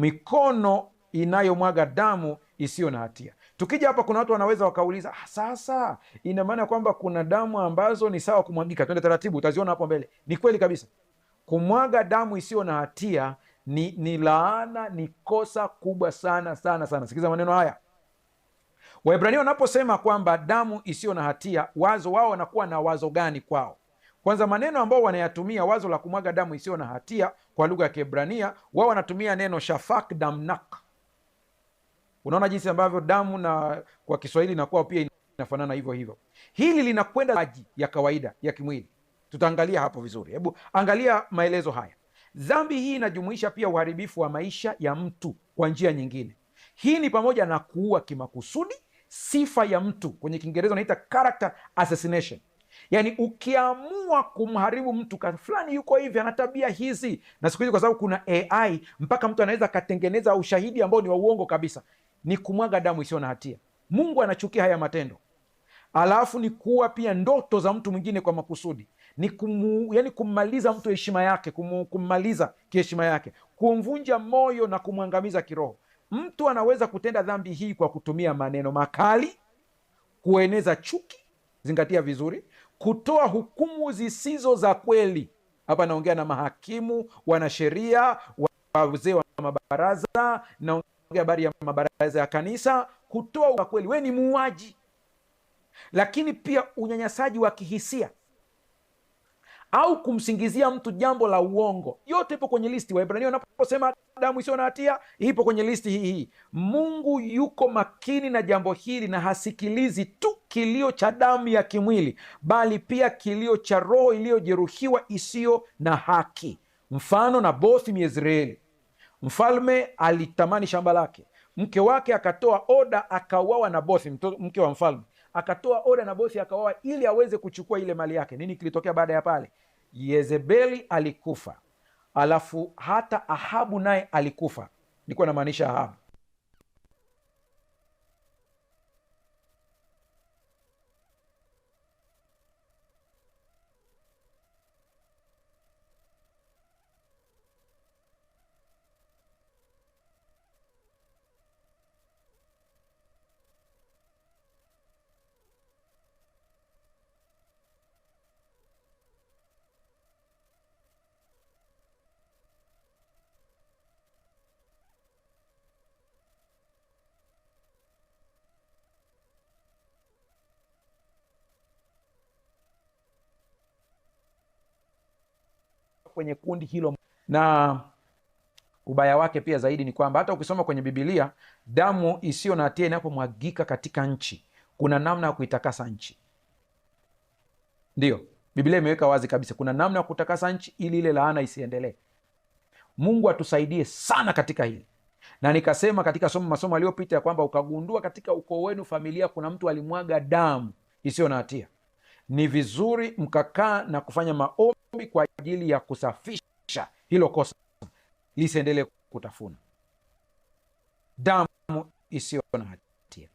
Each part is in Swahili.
mikono inayomwaga damu isiyo na hatia. Tukija hapa, kuna watu wanaweza wakauliza, ah, sasa ina maana kwamba kuna damu ambazo ni sawa kumwagika? Twende taratibu, utaziona hapo mbele. Ni kweli kabisa, kumwaga damu isiyo na hatia ni, ni laana, ni kosa kubwa sana sana sana. sikiliza maneno haya. Waibrania wanaposema kwamba damu isiyo na hatia, wazo wao wanakuwa na wazo gani kwao? Kwanza maneno ambao wanayatumia wazo la kumwaga damu isiyo na hatia kwa lugha ya Kiebrania, wao wanatumia neno shafak damnak. Unaona jinsi ambavyo damu na kwa Kiswahili inakuwa pia inafanana hivyo hivyo. Hili linakwenda maji ya kawaida ya kimwili, tutaangalia hapo vizuri. Hebu angalia maelezo haya. Dhambi hii inajumuisha pia uharibifu wa maisha ya mtu kwa njia nyingine. Hii ni pamoja na kuua kimakusudi sifa ya mtu, kwenye Kiingereza unaita character assassination yani ukiamua kumharibu mtu fulani, yuko hivi, ana tabia hizi. Na siku hizi kwa sababu kuna AI, mpaka mtu anaweza akatengeneza ushahidi ambao ni wa uongo kabisa. Ni kumwaga damu isiyo na hatia. Mungu anachukia haya matendo. Alafu ni kuwa pia ndoto za mtu mwingine kwa makusudi ni kumu, yani kummaliza mtu heshima yake, kummaliza kiheshima yake, kumvunja moyo na kumwangamiza kiroho. Mtu anaweza kutenda dhambi hii kwa kutumia maneno makali, kueneza chuki, zingatia vizuri, kutoa hukumu zisizo za kweli. Hapa naongea na mahakimu, wanasheria, wazee wa mabaraza, naongea habari ya mabaraza ya kanisa, kutoa za kweli. wee ni muuaji, lakini pia unyanyasaji wa kihisia au kumsingizia mtu jambo la uongo, yote ipo kwenye listi. wahibrania wanaposema damu isiyo na hatia ipo kwenye listi hii hii. Mungu yuko makini na jambo hili na hasikilizi tu kilio cha damu ya kimwili, bali pia kilio cha roho iliyojeruhiwa isiyo na haki. Mfano na bothi Myezreeli, mfalme alitamani shamba lake, mke wake akatoa oda, akauawa Nabothi mke wa mfalme akatoa oda Nabothi akauawa ili aweze kuchukua ile mali yake. Nini kilitokea baada ya pale? Yezebeli alikufa, alafu hata Ahabu naye alikufa. Nilikuwa namaanisha Ahabu kwenye kundi hilo. Na ubaya wake pia zaidi ni kwamba hata ukisoma kwenye Bibilia, damu isiyo na hatia inapomwagika katika nchi, kuna namna ya kuitakasa nchi. Ndiyo Bibilia imeweka wazi kabisa, kuna namna ya kutakasa nchi ili ile laana isiendelee. Mungu atusaidie sana katika hili na nikasema katika somo masomo aliyopita ya kwamba ukagundua katika ukoo wenu familia kuna mtu alimwaga damu isiyo na hatia ni vizuri mkakaa na kufanya maombi kwa ajili ya kusafisha hilo kosa lisiendelee kutafuna damu isiyo na hatia.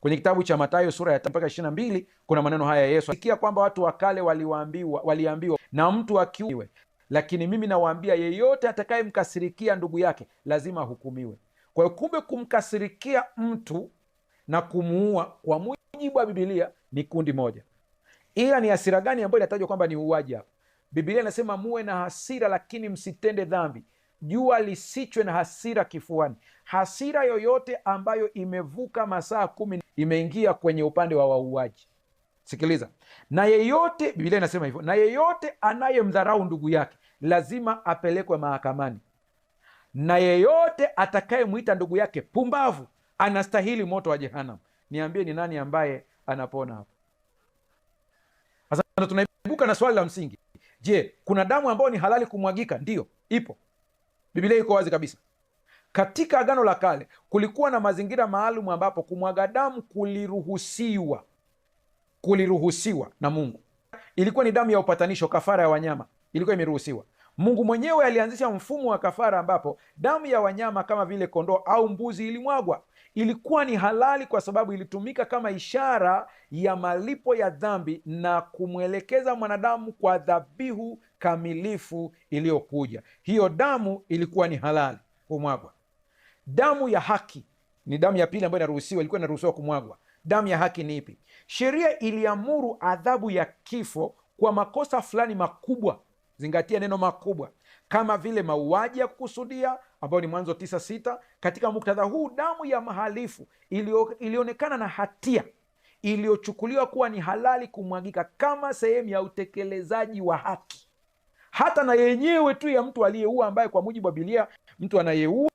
Kwenye kitabu cha matayo sura ya mpaka ishirini na mbili kuna maneno haya ya Yesu: sikia kwamba watu wa kale waliambiwa, waliambiwa na mtu akiwe lakini mimi nawaambia yeyote atakayemkasirikia ndugu yake lazima ahukumiwe. Kwa hiyo, kumbe kumkasirikia mtu na kumuua kwa mujibu wa Bibilia ni kundi moja ila ni hasira gani ambayo inatajwa kwamba ni uwaji hapa? Biblia inasema muwe na hasira, lakini msitende dhambi, jua lisichwe na hasira kifuani. Hasira yoyote ambayo imevuka masaa kumi imeingia kwenye upande wa wauaji. Sikiliza, na yeyote, Biblia inasema hivyo, na yeyote anayemdharau ndugu yake lazima apelekwe mahakamani, na yeyote atakayemwita ndugu yake pumbavu anastahili moto wa jehanam Niambie, ni nani ambaye anapona hapa? Ndo tunaibuka na swali la msingi, je, kuna damu ambayo ni halali kumwagika? Ndiyo, ipo. Biblia iko wazi kabisa. Katika Agano la Kale kulikuwa na mazingira maalum ambapo kumwaga damu kuliruhusiwa, kuliruhusiwa na Mungu. Ilikuwa ni damu ya upatanisho, kafara ya wanyama ilikuwa imeruhusiwa. Mungu mwenyewe alianzisha mfumo wa kafara ambapo damu ya wanyama kama vile kondoo au mbuzi ilimwagwa ilikuwa ni halali kwa sababu ilitumika kama ishara ya malipo ya dhambi na kumwelekeza mwanadamu kwa dhabihu kamilifu iliyokuja. Hiyo damu ilikuwa ni halali kumwagwa. Damu ya haki ni damu ya pili ambayo inaruhusiwa, ilikuwa inaruhusiwa kumwagwa. Damu ya haki ni ipi? Sheria iliamuru adhabu ya kifo kwa makosa fulani makubwa, zingatia neno makubwa, kama vile mauaji ya kukusudia ambayo ni Mwanzo tisa sita. Katika muktadha huu damu ya mhalifu ilionekana na hatia iliyochukuliwa kuwa ni halali kumwagika kama sehemu ya utekelezaji wa haki, hata na yenyewe tu ya mtu aliyeua, ambaye kwa mujibu wa bilia mtu anayeua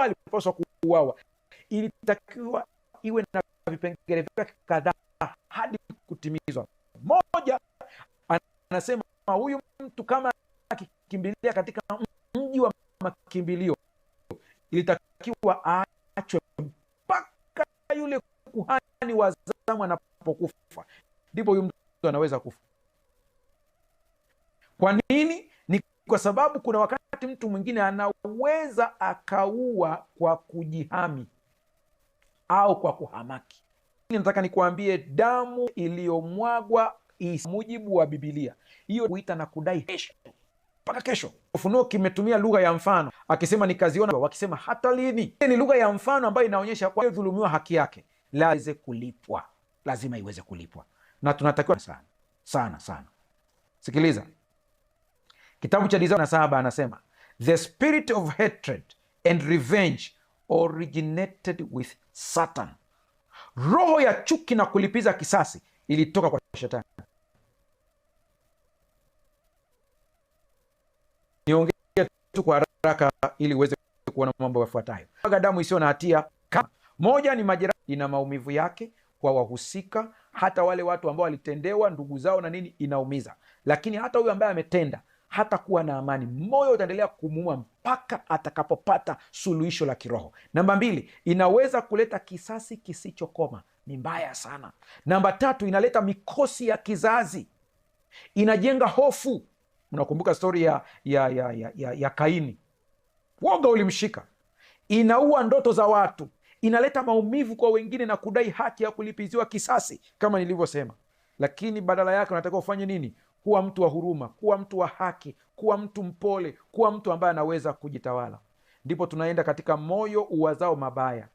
alipaswa kuuawa, ilitakiwa iwe na vipengele vyake kadhaa hadi kutimizwa. Moja, anasema huyu mtu kama akikimbilia katika mji wa makimbilio ilitakiwa aachwe mpaka yule kuhani wa zamu anapokufa, ndipo huyu mtu anaweza kufa. Kwa nini? Ni kwa sababu kuna wakati mtu mwingine anaweza akaua kwa kujihami au kwa kuhamaki. Nataka nikuambie, damu iliyomwagwa mujibu wa Bibilia hiyo huita na kudai heshima mpaka kesho. Ufunuo kimetumia lugha ya mfano akisema nikaziona, wakisema hata lini? ni lugha ya mfano ambayo inaonyesha kwa dhulumiwa haki yake laweze kulipwa, lazima iweze kulipwa, na tunatakiwa sana sana sana. Sikiliza kitabu cha Isaya saba, anasema the spirit of hatred and revenge originated with Satan, roho ya chuki na kulipiza kisasi ilitoka kwa Shetani. niongee tu kwa haraka ili uweze kuona mambo yafuatayo. Mwaga damu isiyo na hatia moja ni majeraha, ina maumivu yake kwa wahusika, hata wale watu ambao walitendewa, ndugu zao na nini, inaumiza. Lakini hata huyu ambaye ametenda hata kuwa na amani, moyo utaendelea kumuua mpaka atakapopata suluhisho la kiroho. Namba mbili, inaweza kuleta kisasi kisichokoma, ni mbaya sana. Namba tatu, inaleta mikosi ya kizazi, inajenga hofu unakumbuka stori ya, ya, ya, ya, ya, ya Kaini. Woga ulimshika, inaua ndoto za watu, inaleta maumivu kwa wengine na kudai haki ya kulipiziwa kisasi kama nilivyosema. Lakini badala yake unatakiwa ufanye nini? Kuwa mtu wa huruma, kuwa mtu wa haki, kuwa mtu mpole, kuwa mtu ambaye anaweza kujitawala. Ndipo tunaenda katika moyo uwazao mabaya.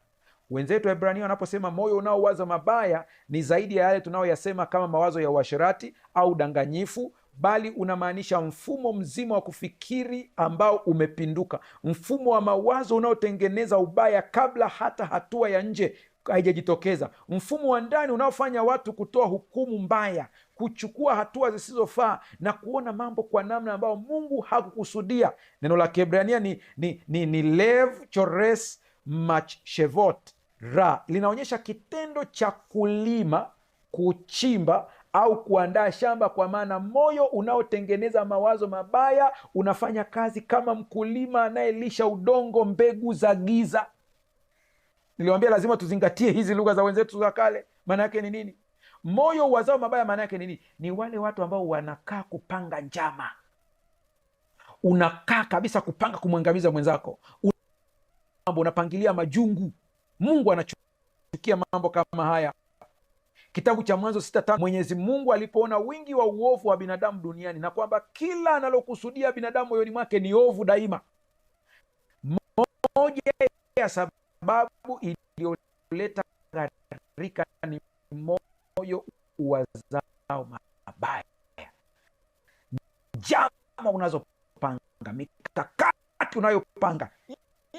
Wenzetu wa wanaposema moyo unaowaza mabaya, ni zaidi ya yale tunayoyasema kama mawazo ya uasherati au danganyifu bali unamaanisha mfumo mzima wa kufikiri ambao umepinduka, mfumo wa mawazo unaotengeneza ubaya kabla hata hatua ya nje haijajitokeza, mfumo wa ndani unaofanya watu kutoa hukumu mbaya, kuchukua hatua zisizofaa na kuona mambo kwa namna ambayo Mungu hakukusudia. Neno la kibrania ni, ni, ni, ni lev chores machshevot ra, linaonyesha kitendo cha kulima, kuchimba au kuandaa shamba, kwa maana moyo unaotengeneza mawazo mabaya unafanya kazi kama mkulima anayelisha udongo mbegu za giza. Niliwambia lazima tuzingatie hizi lugha za wenzetu za kale. Maana yake ni nini? Moyo wazao mabaya maana yake ninini nini? Ni wale watu ambao wanakaa kupanga njama, unakaa kabisa kupanga kumwangamiza mwenzako, mambo unapangilia majungu. Mungu anachukia mambo kama haya kitabu cha Mwanzo sita tano Mwenyezi Mungu alipoona wingi wa uovu wa binadamu duniani na kwamba kila analokusudia binadamu moyoni mwake ni ovu daima, moja ya sababu iliyoleta gharika ni moyo uwazao mabaya. jama unazopanga, mikakati unayopanga,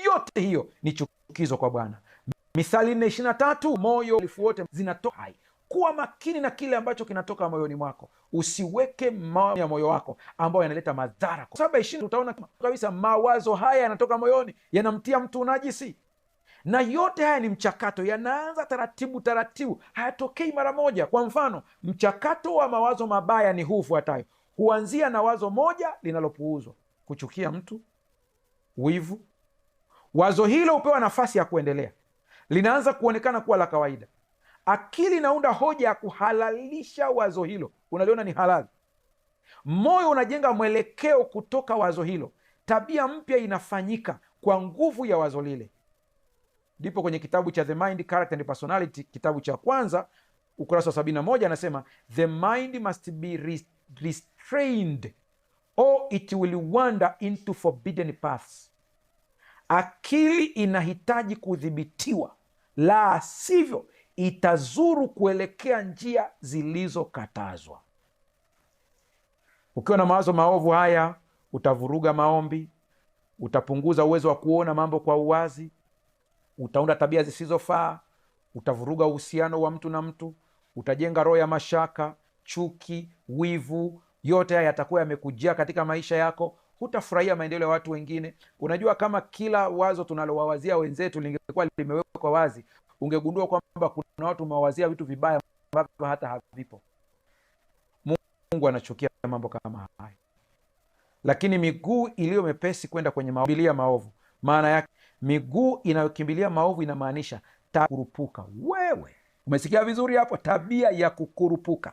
yote hiyo ni chukizo kwa Bwana. Mithali nne ishiri na tatu moyo elfu wote zinatoka hai kuwa makini na kile ambacho kinatoka moyoni mwako, usiweke ya moyo wako ambayo yanaleta madhara. saba utaona kabisa mawazo haya yanatoka moyoni, yanamtia mtu unajisi, na yote haya ni mchakato, yanaanza taratibu taratibu, hayatokei mara moja. Kwa mfano, mchakato wa mawazo mabaya ni huu ufuatayo: huanzia na wazo moja linalopuuzwa, kuchukia mtu, wivu. Wazo hilo hupewa nafasi ya kuendelea, linaanza kuonekana kuwa la kawaida Akili inaunda hoja ya kuhalalisha wazo hilo, unaliona ni halali. Moyo unajenga mwelekeo kutoka wazo hilo. Tabia mpya inafanyika kwa nguvu ya wazo lile. Ndipo kwenye kitabu cha The Mind, Character and Personality, kitabu cha kwanza ukurasa wa 71 anasema the mind must be restrained or it will wander into forbidden paths. Akili inahitaji kudhibitiwa, la sivyo itazuru kuelekea njia zilizokatazwa. Ukiwa na mawazo maovu haya, utavuruga maombi, utapunguza uwezo wa kuona mambo kwa uwazi, utaunda tabia zisizofaa, utavuruga uhusiano wa mtu na mtu, utajenga roho ya mashaka, chuki, wivu. Yote haya yatakuwa yamekujia katika maisha yako. Hutafurahia maendeleo ya watu wengine. Unajua, kama kila wazo tunalowawazia wenzetu lingekuwa limewekwa wazi, ungegundua kwamba kuna watu umewawazia vitu vibaya ambavyo hata havipo. Mungu anachukia mambo kama hayo. Lakini miguu iliyo mepesi kwenda kwenye maobilia maovu, maana yake miguu inayokimbilia maovu inamaanisha takurupuka. Wewe umesikia vizuri hapo, tabia ya kukurupuka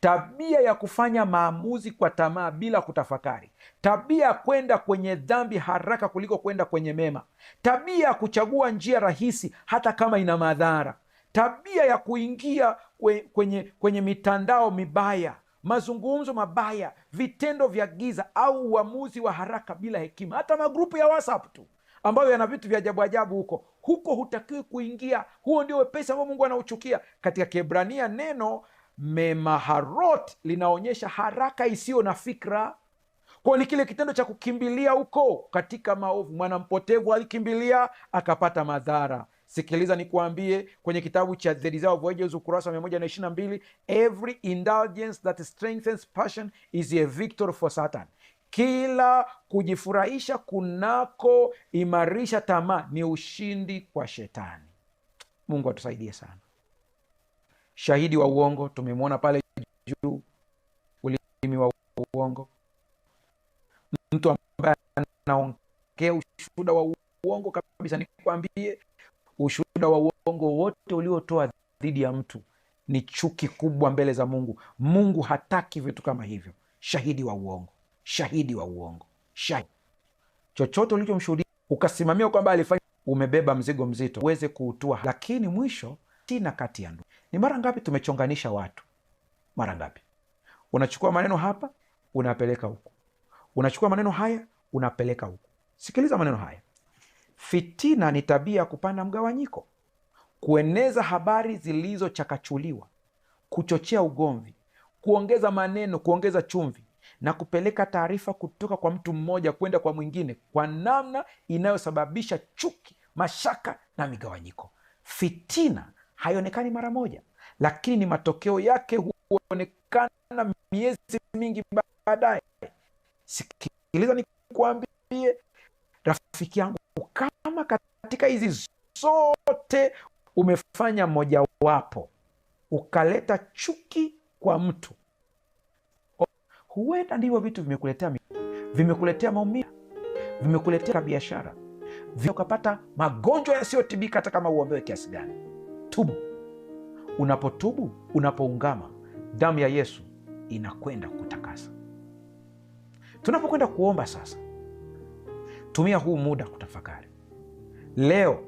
tabia ya kufanya maamuzi kwa tamaa bila kutafakari, tabia ya kwenda kwenye dhambi haraka kuliko kwenda kwenye mema, tabia ya kuchagua njia rahisi hata kama ina madhara, tabia ya kuingia kwenye, kwenye mitandao mibaya, mazungumzo mabaya, vitendo vya giza au uamuzi wa haraka bila hekima, hata magrupu ya WhatsApp tu ambayo yana vitu vya ajabu ajabu huko huko, hutakiwi kuingia. Huo ndio wepesi ambao Mungu anauchukia. Katika kibrania neno memaharot linaonyesha haraka isiyo na fikra kwa ni kile kitendo cha kukimbilia huko katika maovu. Mwanampotevu alikimbilia akapata madhara. Sikiliza nikuambie, kwenye kitabu cha The of ukurasa wa 122, every indulgence that strengthens passion is a victory for Satan. Kila kujifurahisha kunakoimarisha tamaa ni ushindi kwa Shetani. Mungu atusaidie sana shahidi wa uongo tumemwona pale juu, ulimi wa uongo, mtu ambaye anaongea ushuhuda wa uongo kabisa. Nikwambie, ushuhuda wa uongo wote uliotoa dhidi ya mtu ni chuki kubwa mbele za Mungu. Mungu hataki vitu kama hivyo. Shahidi wa uongo, shahidi wa uongo, shahidi chochote ulichomshuhudia ukasimamia kwamba alifanya, umebeba mzigo mzito uweze kuutua, lakini mwisho tina kati ya ndugu ni mara ngapi tumechonganisha watu? Mara ngapi unachukua maneno hapa unapeleka huku, unachukua maneno haya unapeleka huku. Sikiliza maneno haya: fitina ni tabia ya kupanda mgawanyiko, kueneza habari zilizochakachuliwa, kuchochea ugomvi, kuongeza maneno, kuongeza chumvi na kupeleka taarifa kutoka kwa mtu mmoja kwenda kwa mwingine kwa namna inayosababisha chuki, mashaka na migawanyiko. Fitina haionekani mara moja, lakini ni matokeo yake huonekana miezi mingi baadaye. Sikiliza nikuambie rafiki yangu, kama katika hizi zote umefanya mojawapo ukaleta chuki kwa mtu, huenda ndivyo vitu vimekuletea vimekuletea maumivu, vimekuletea biashara, ukapata magonjwa yasiyotibika, hata kama uombewe kiasi gani tubu. Unapotubu, unapoungama, damu ya Yesu inakwenda kutakasa. Tunapokwenda kuomba sasa, tumia huu muda kutafakari leo.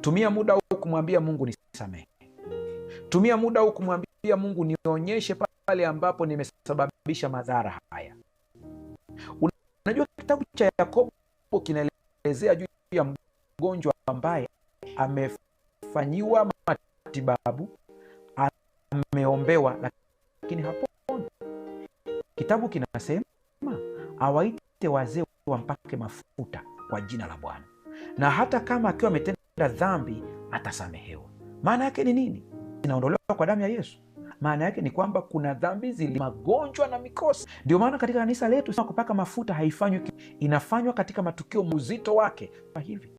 Tumia muda huu kumwambia Mungu nisamehe. Tumia muda huu kumwambia Mungu nionyeshe pale ambapo nimesababisha madhara haya. Unajua, kitabu cha Yakobo kinaelezea juu ya mgonjwa ambaye amefanyiwa matibabu, ameombewa lakini haponi. Kitabu kinasema awaite wazee wampake mafuta kwa jina la Bwana, na hata kama akiwa ametenda dhambi atasamehewa. Maana yake ni nini? inaondolewa kwa damu ya Yesu. Maana yake ni kwamba kuna dhambi zili, magonjwa na mikosi. Ndio maana katika kanisa letu kupaka mafuta haifanywi, inafanywa katika matukio mzito wake hivi